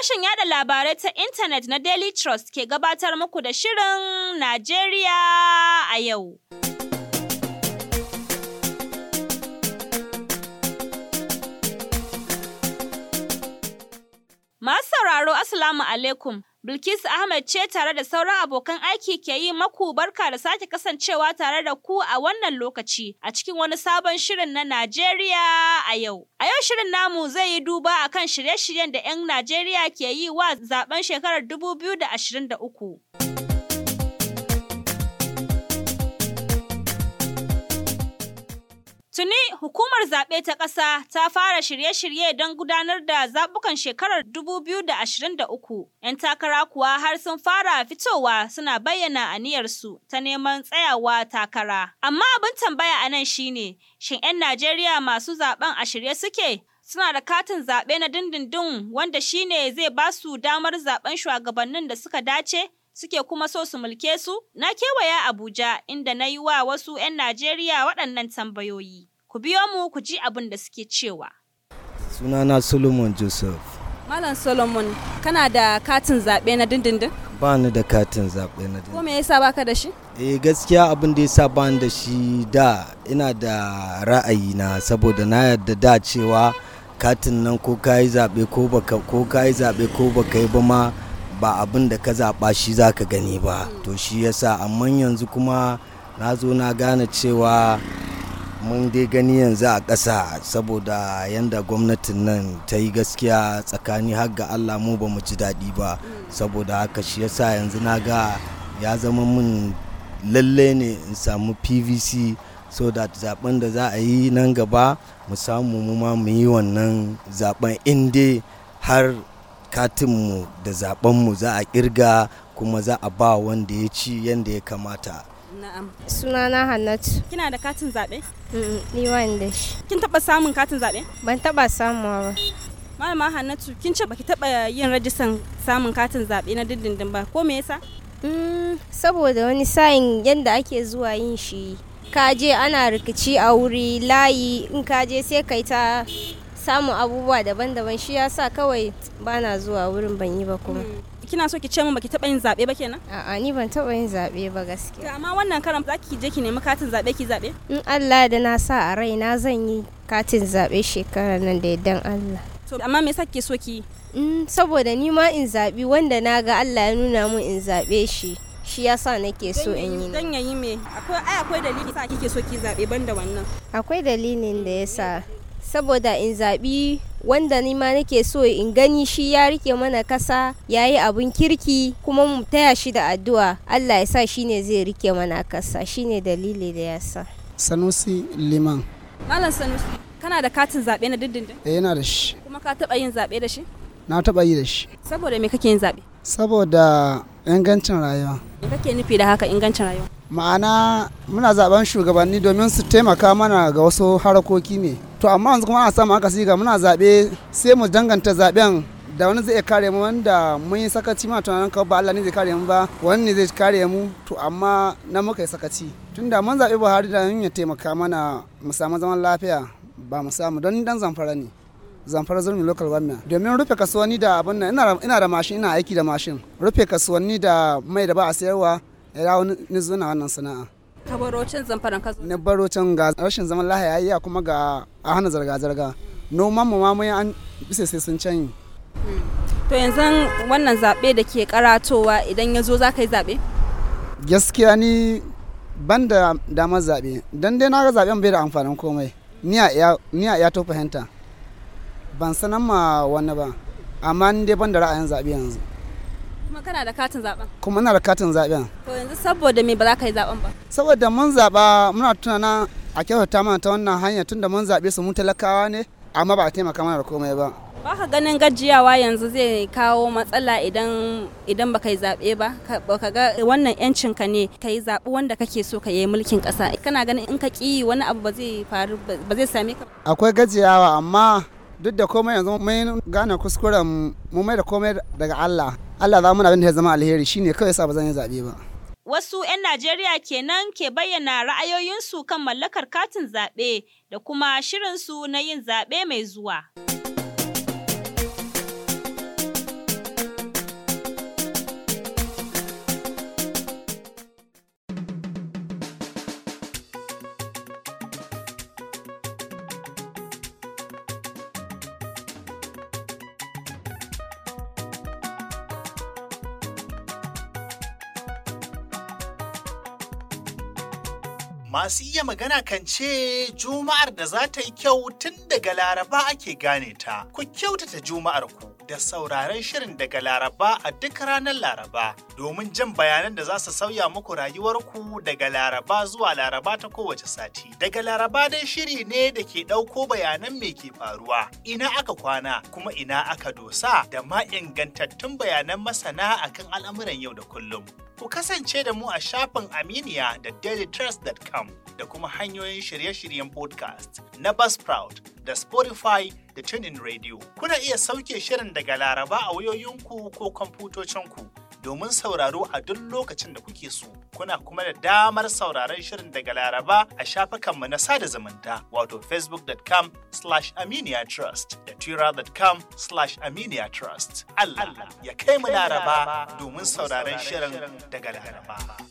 Sashen yada labarai ta intanet na Daily Trust ke gabatar muku da Shirin Najeriya a yau. Assalamu alaikum. Bilkisu Ahmed ce tare da sauran abokan aiki ke yi maku barka da sake kasancewa tare da ku a wannan lokaci a cikin wani sabon shirin na Najeriya a yau. A yau shirin namu zai yi duba a kan shirye-shiryen da 'yan Najeriya ke yi wa zaben shekarar 2023. Tuni hukumar zaɓe ta ƙasa ta fara shirye-shirye don gudanar da zaɓukan shekarar 2023. 'Yan takara kuwa har sun fara fitowa suna bayyana aniyarsu ta neman tsayawa takara. Amma abin tambaya a nan shine, shin 'yan Najeriya masu zaɓen a shirye suke? Suna da katin zaɓe na dindindin wanda shine zai ba su damar zaɓen shugabannin da suka dace? suke kuma so su mulke su? Na kewaya Abuja inda na yi wa wasu 'yan Najeriya waɗannan tambayoyi. Ku biyo mu ku ji abin da suke cewa. Sunana Solomon Joseph. Malam Solomon, kana da katin zaɓe na dindindin? Ba ni da katin zaɓe na dindindin. Ko ya sa baka da shi? Eh gaskiya abin da ya sa ba ni da shi da ina da ra'ayi na saboda na yarda da cewa katin nan ko kayi zaɓe ko ko kayi zaɓe ko baka yi ba ma ba abin da ka zaɓa shi za ka gani ba to shi yasa amma yanzu kuma na zo na gane cewa mun dai gani yanzu a ƙasa saboda yanda gwamnatin nan ta yi gaskiya tsakani har ga allah mu ba mu ji daɗi ba saboda haka shi yasa yanzu na ga ya zama mun lalle ne in samu pvc so da zaben da za a yi nan gaba mu samu mu ma mu yi wannan zaben inda har katinmu da zabenmu za a kirga kuma za a ba wanda ya ci yadda ya kamata na'am sunana hannatu kina da katin zaɓe? ni wanda shi kin taɓa samun katin zaɓe? ban taɓa samuwa ba malama hannatu kin ce baki taɓa yin rajistan samun katin zaɓe na dindindin ba ko me yasa mm, saboda wani sa'in yadda ake zuwa yin shi kaje ana rikici a wuri layi in kaje sai kai ta samun abubuwa daban-daban shi ya sa kawai bana zuwa wurin ban yi ba kuma hmm. kina so ki ce min baki taba yin zabe ba kenan a'a ni ban taba yin zabe ba gaskiya amma wannan karan za ki je ki nemi katin zabe ki zabe in Allah da na sa a rai na zan yi katin zabe shekarar nan da yaddan Allah to amma me yasa kike so ki mm, saboda ni ma in zabi wanda na ga Allah ya nuna mun in zabe shi shi yasa nake so in yi dan yayi me akwai ai akwai dalili sa kike so ki zabe banda wannan akwai dalilin da yasa saboda in zaɓi wanda ni ma nake so in gani shi ya rike mana kasa ya yi abin kirki kuma mu taya shi da addu'a allah ya sa shine zai rike mana kasa shine dalili da ya sa sanusi liman malam sanusi kana da katin zaɓe na dindindin eh yana da shi kuma ka taɓa yin zaɓe da shi na taɓa yi da shi saboda me kake yin zaɓe saboda ingancin rayuwa me kake nufi da haka ingancin rayuwa ma'ana muna zaɓen shugabanni domin su taimaka mana ga wasu harakoki ne to amma yanzu kuma ana samun aka siga muna zaɓe sai mu danganta zaɓen da wani zai kare mu wanda mun yi sakaci ma tunanin kawai ba Allah ne zai kare mu ba wani ne zai kare mu to amma na muka yi sakaci tunda mun zaɓi Buhari da ya taimaka mana mu samu zaman lafiya ba mu samu don dan zamfara ne zamfara zurmi local government domin rufe kasuwanni da abin nan ina da mashin ina aiki da mashin rufe kasuwanni da mai da ba a sayarwa ya dawo ni zuna wannan sana'a ka baro can zamfaran ka baro can ga rashin zaman lahiya ya kuma ga a hana zarga-zarga noman mu ma mun an bisa sai sun canyi hmm. to yanzu wannan zaɓe da ke karatowa idan ya zo za ka yi zaɓe gaskiya ni ban da damar zaɓe don dai na ga zaɓen bai da amfanin komai ni a ya to fahimta ban sanan ma wani ba amma ni dai ban da ra'ayin zaɓe yanzu Kuma kana da katin zaben? Kuma ina da katin zaben. To yanzu saboda me ba za ka yi zaben ba? Saboda mun zaba muna na a kyautata mana ta wannan hanya tunda mun zabe su mun talakawa ne amma ba a taimaka mana da komai ba. Ba ka ganin gajiyawa yanzu zai kawo matsala idan idan ba ka yi zaɓe ba, ka ga wannan yancin ka ne ka yi zaɓi wanda kake so ka yi mulkin ƙasa. Kana ganin in ka ƙi wani abu ba zai faru ba zai same ka. Akwai gajiyawa amma duk da komai yanzu mai gane kuskuren mu mai da komai daga Allah Allah za mu abin da ya zama alheri shine kawai sa ba zan yi zabe ba Wasu 'yan Najeriya kenan ke bayyana ra'ayoyinsu kan mallakar katin zaɓe da kuma shirinsu na yin zaɓe mai zuwa. Masu iya magana kan ce Juma'ar da za ta yi kyau tun daga Laraba ake gane ta. Ku kyautata Juma'ar ku da sauraron shirin daga Laraba a duk ranar Laraba domin jin bayanan da za su sauya muku rayuwarku daga Laraba zuwa Laraba ta kowace sati. Daga Laraba dai shiri ne da ke ɗauko bayanan me ke faruwa, ina aka kwana kuma ina aka dosa da ma ingantattun bayanan masana akan al'amuran yau da kullum. Ku kasance da mu a shafin Aminiya da dailytrust.com da kuma hanyoyin shirye-shiryen podcast na Buzzsprout da Spotify da TuneIn Radio. Kuna iya sauke shirin daga Laraba a wayoyinku ko kwamfutocinku. domin sauraro a duk lokacin da kuke so. Kuna kuma da damar sauraron shirin daga Laraba a shafukanmu na sada zumunta wato facebook.com slash trust da twitter.com slash trust. Allah ya kai mu Laraba domin sauraron shirin daga Laraba.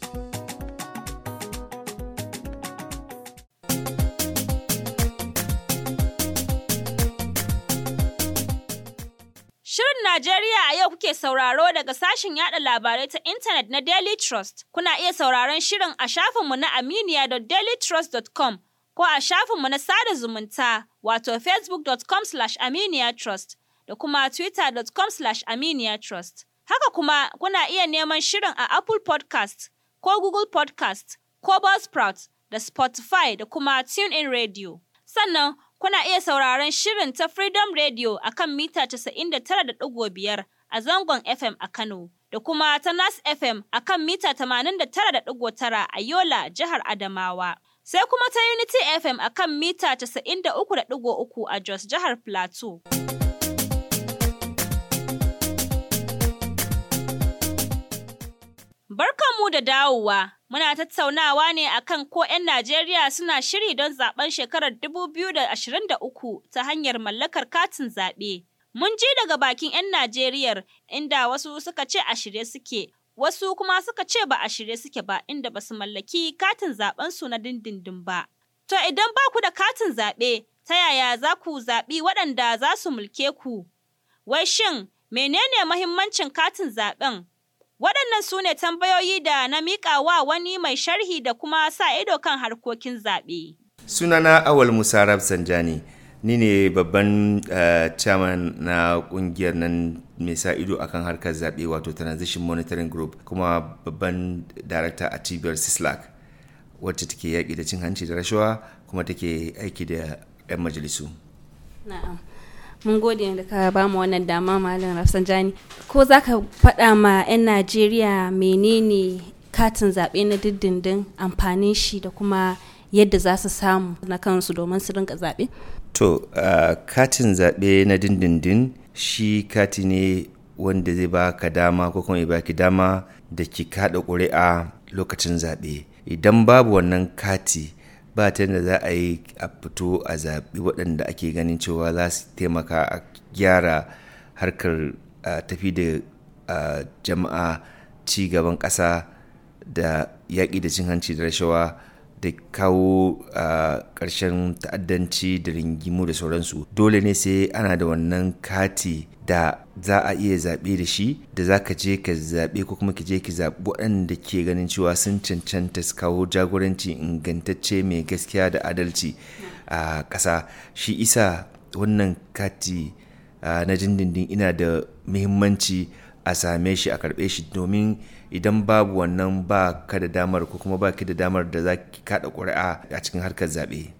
Shirin Najeriya a yau kuke sauraro daga sashen yada labarai ta intanet na Daily Trust. Kuna iya sauraron shirin a shafinmu na aminiya.dailytrust.com ko a shafinmu na sada zumunta wato facebook.com slash aminiyatrust da kuma twitter.com slash aminiyatrust. Haka kuma kuna iya neman shirin a Apple podcast ko Google podcast ko Buzzsprout da Spotify da kuma TuneIn Radio. Sannan Kuna iya sauraron shirin ta Freedom Radio a kan mita 99.5 a zangon FM a Kano, da kuma ta Nas FM a kan mita 89.9 a Yola, jihar Adamawa. Sai kuma ta Unity FM a kan mita 93.3 a Jos, jihar Plateau. Barka mu da dawowa. Muna tattaunawa ne akan ko 'yan Najeriya suna shiri don zaben shekarar 2023 ta hanyar mallakar katin zaɓe. Mun ji daga bakin 'yan Najeriya inda wasu suka ce a shirye suke, wasu kuma suka ce ba a shirye suke ba inda ba su mallaki katin su na dindindin ba. To idan ba ku da katin zaɓe, ta yaya za ku zaɓi waɗanda za su mulke ku? Wai shin, menene mahimmancin katin zaɓen? Waɗannan su ne tambayoyi da na miƙa wa wani mai sharhi da kuma sa ido kan harkokin zaɓe. Sunana Awal Musa rabsanjani ni ne babban eh, chairman na ƙungiyar nan mai sa ido akan harkar zaɓe wato Transition Monitoring Group kuma babban darakta a cibiyar Sislak wacce take yaƙi da cin hanci da rashawa kuma take aiki da 'yan majalisu. mun gode da ka ba mu wannan dama malam rafsanjani ko za ka faɗa ma 'yan najeriya menene katin zaɓe na dindindin amfanin shi da kuma yadda za su samu na kansu domin su rinka zaɓe to katin zaɓe na dindindin shi kati ne wanda zai ba ka dama ko kuma ba ki dama da ki kaɗa ƙuri'a lokacin zaɓe idan babu wannan kati ba ta yadda za a yi a fito a zaɓi waɗanda ake ganin cewa za su taimaka a gyara harkar tafi da jama'a ci gaban ƙasa da yaƙi da cin hanci da rashawa da kawo a ƙarshen ta'addanci da ringimu da sauransu dole ne sai ana da wannan kati da za a iya zaɓe da shi da za ka je ka zaɓe ko kuma ki je ki zaɓi waɗanda ke ganin cewa sun cancanta su kawo jagoranci ingantacce mai gaskiya da adalci a ƙasa shi isa wannan kati na jindindin ina da muhimmanci a same shi a karɓe shi domin idan babu wannan ba ka da damar ko kuma ba ki da damar da za ki kaɗa ƙuri'a a cikin harkar zaɓe.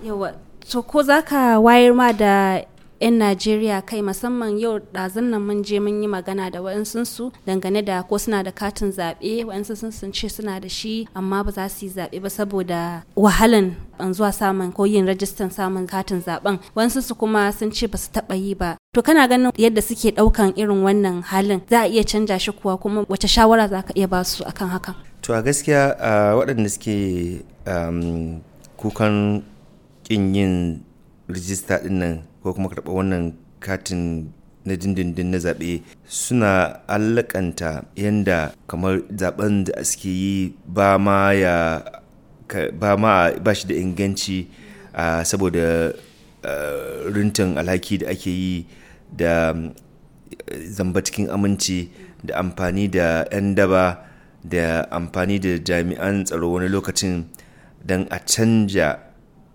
yawa to ko za ka wayar ma da 'yan najeriya kai musamman yau ɗazun nan mun je mun yi magana da wa'insunsu dangane da ko suna da katin zaɓe wa'insu sun ce suna da shi amma ba za su yi zaɓe ba saboda wahalan ban zuwa samun ko yin rajistan samun katin zaɓen su kuma sun ce ba su taɓa yi ba to kana ganin yadda suke ɗaukan irin wannan halin za a iya canja shi kuwa kuma wace shawara za ka iya ba su akan haka to a gaskiya waɗanda suke kukan kin yin rijista ɗin nan ko kuma karɓa wannan katin na dindindin na zaɓe suna allakanta yadda kamar zaɓen da suke yi ba ma ya ba ma ba shi da inganci saboda rintin alhaki da ake yi da mm, zamba cikin aminci da amfani da 'yan daba da amfani da jami'an tsaro wani lokacin don a canja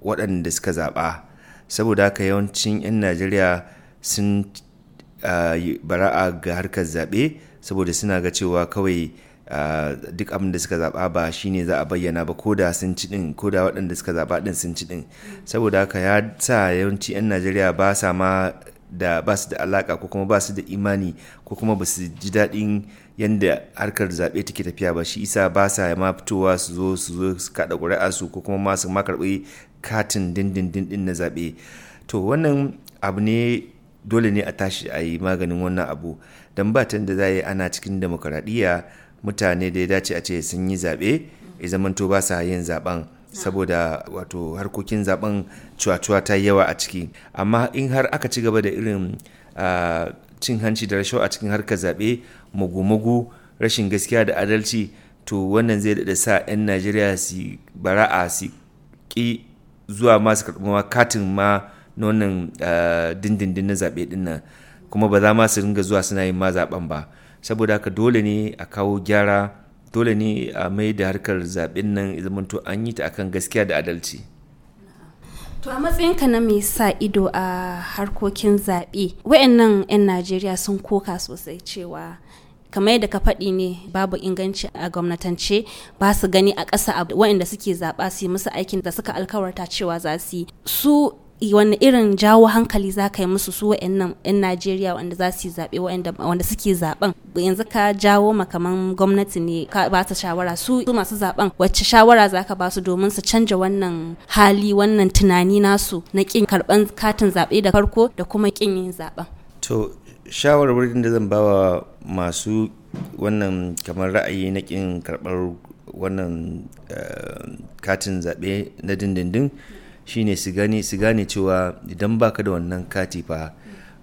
waɗanda suka zaɓa saboda haka yawancin 'yan najeriya sun bara'a ga harkar zaɓe saboda suna ga cewa kawai duk abin da suka zaɓa ba shine za a bayyana ba ko da sun ci ɗin ko da waɗanda suka zaɓa ɗin sun ci ɗin saboda haka ya sa yawanci 'yan najeriya ba sa ma da ba su da alaka ko kuma ba su da imani ko kuma ba su ji daɗin yadda harkar zaɓe take tafiya ba shi isa ba sa ma fitowa su zo su zo su kaɗa ƙuri'a su ko kuma ma su ma karɓi katin dindindin din na zaɓe to wannan abu ne dole ne a tashi a yi maganin wannan abu don ba ta da za yi ana cikin demokuraɗiyya mutane da ya dace a ce sun yi zaɓe ya zamanto ba sa yin zaɓen saboda wato harkokin zaɓen cuwa-cuwa ta yawa a ciki amma in har aka ci gaba da irin cin hanci da rashawa a cikin harkar zaɓe mugu-mugu, rashin gaskiya da adalci to wannan zai da sa 'yan najeriya su bara'a su ƙi zuwa masu karɓuwa katin ma na wannan eh, dindindin na zaɓe ɗin nan kuma ba za ma su ringa zuwa suna yin ma zaɓen ba saboda haka dole ne a kawo gyara dole ne a mai da harkar zaɓen nan to an yi ta akan gaskiya da adalci to a matsayinka na mai sa ido a harkokin zaɓe wayannan 'yan najeriya sun koka sosai cewa kamar yadda ka faɗi ne babu inganci a gwamnatance ba su gani a ƙasa a waɗanda suke zaɓa su yi musu aikin da suka alkawarta cewa za su yi su wani irin jawo hankali za ka yi musu su wa'annan 'yan najeriya wanda za su yi zaɓe wanda suke zaɓen yanzu ka jawo makaman gwamnati ne ka ba ta shawara su masu zaɓen wacce shawara za ka ba su domin su canja wannan hali wannan tunani nasu na ƙin karɓan katin zaɓe da farko da kuma ƙin yin zaɓen to shawarwarin da zan bawa masu wannan kamar ra'ayi na kin karɓar wannan eh, katin zaɓe na dindindin shine su gane su gane cewa idan baka da wannan kati fa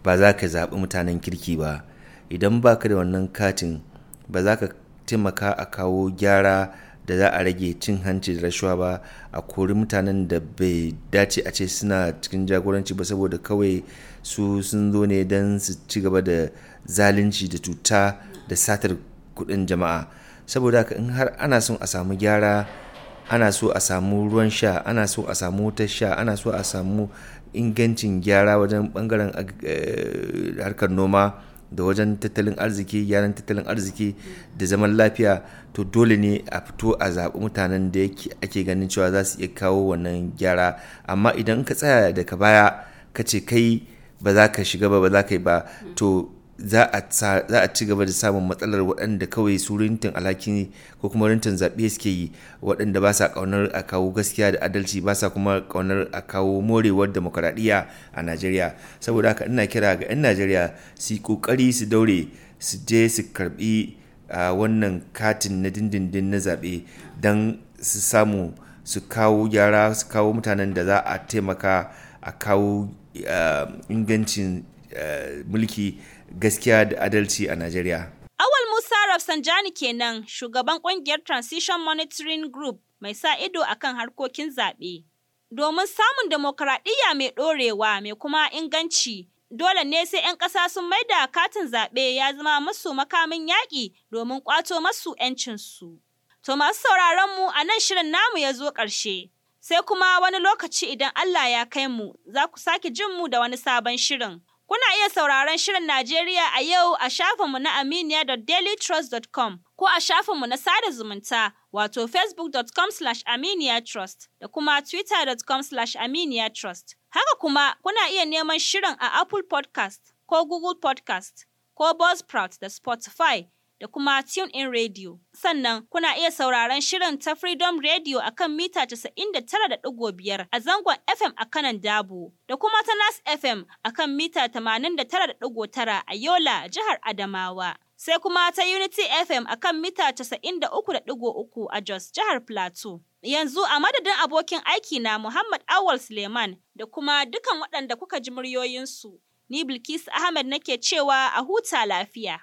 ba za ka zaɓi mutanen kirki ba idan baka da wannan katin ba za ka taimaka a kawo gyara da za a rage cin hanci da rashawa ba a kori mutanen da bai dace a ce suna cikin jagoranci ba saboda kawai su sun zo ne don su ci gaba da zalunci da cuta da satar kudin jama'a saboda haka in har ana son a samu gyara ana so a samu ruwan sha ana so a samu wutar sha ana so a samu ingancin gyara wajen bangaren eh, harkar noma da wajen tattalin arziki gyaran tattalin arziki da zaman lafiya to dole ne a fito a zaɓi mutanen da ake ganin cewa za su iya kawo wannan gyara amma idan ka tsaya daga baya ka ce kai ba za ka shiga ba ba za ka yi ba to za a ci gaba da samun matsalar waɗanda kawai su rintin alhaki ko kuma rintin zaɓe suke yi waɗanda ba sa ƙaunar a kawo gaskiya da adalci ba sa kuma ƙaunar a kawo morewar demokuraɗiyya a najeriya saboda haka ina kira ga 'yan najeriya su ƙoƙari su daure su je su karɓi wannan katin na dindindin na zaɓe don su samu su kawo gyara su kawo mutanen da za a taimaka a kawo ingancin eh, mulki gaskiya da adalci a Najeriya. Awal Musa Rafsanjani kenan shugaban kungiyar Transition Monitoring Group mai sa ido a kan harkokin zaɓe. Domin samun demokaradiyya mai ɗorewa mai kuma inganci, dole ne sai 'yan ƙasa sun maida katin zaɓe ya zama masu makamin yaƙi domin ƙwato masu 'yancinsu. To masu sauraron mu a nan shirin namu ya zo ƙarshe. Sai kuma wani lokaci idan Allah ya kai mu, za ku sake jin mu da wani sabon shirin. Kuna iya sauraron Shirin Najeriya a yau a shafinmu na aminiya.dailytrust.com ko a shafinmu na sada zumunta wato facebook.com slash aminiyatrust da kuma twitter.com slash aminiyatrust. Haka kuma kuna iya neman shirin a Apple podcast ko Google podcast ko Buzzsprout da Spotify. da kuma tune in radio. Sannan kuna iya sauraron shirin ta Freedom Radio a kan mita 99.5 a zangon FM a kanan Dabo da kuma ta Nas FM a kan mita 89.9 a Yola, jihar Adamawa. Sai kuma ta Unity FM a kan mita 93.3 a Jos, jihar Plateau. Yanzu a madadin abokin aiki na Muhammad Awal Suleiman da kuma dukan waɗanda kuka ji muryoyinsu, ni Bilkisu Ahmed nake cewa a huta lafiya.